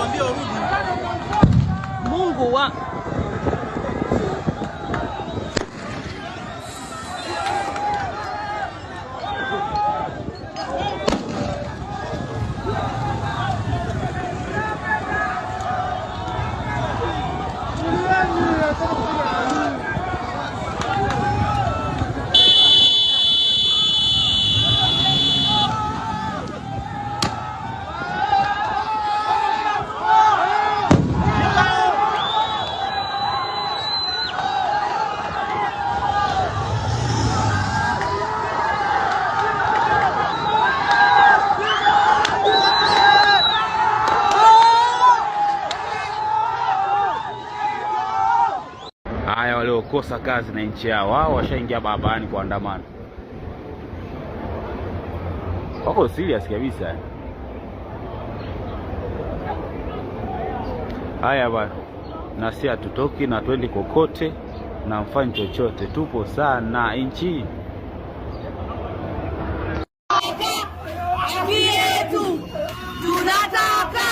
蒙古啊。haya waliokosa kazi na nchi yao, wao washaingia barabarani kuandamana, wako serious kabisa. Haya bwana, na si hatutoki na twendi kokote na mfanye chochote, tupo sana nchi tunataka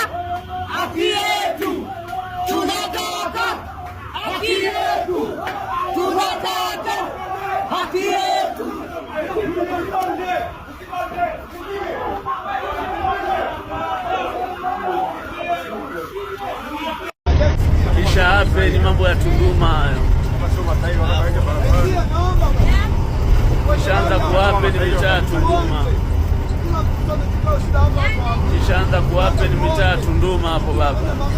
feli mambo ya Tunduma hayo kuwape ni mitaa ya Tunduma, kuwape ni mitaa ya Tunduma hapo baba.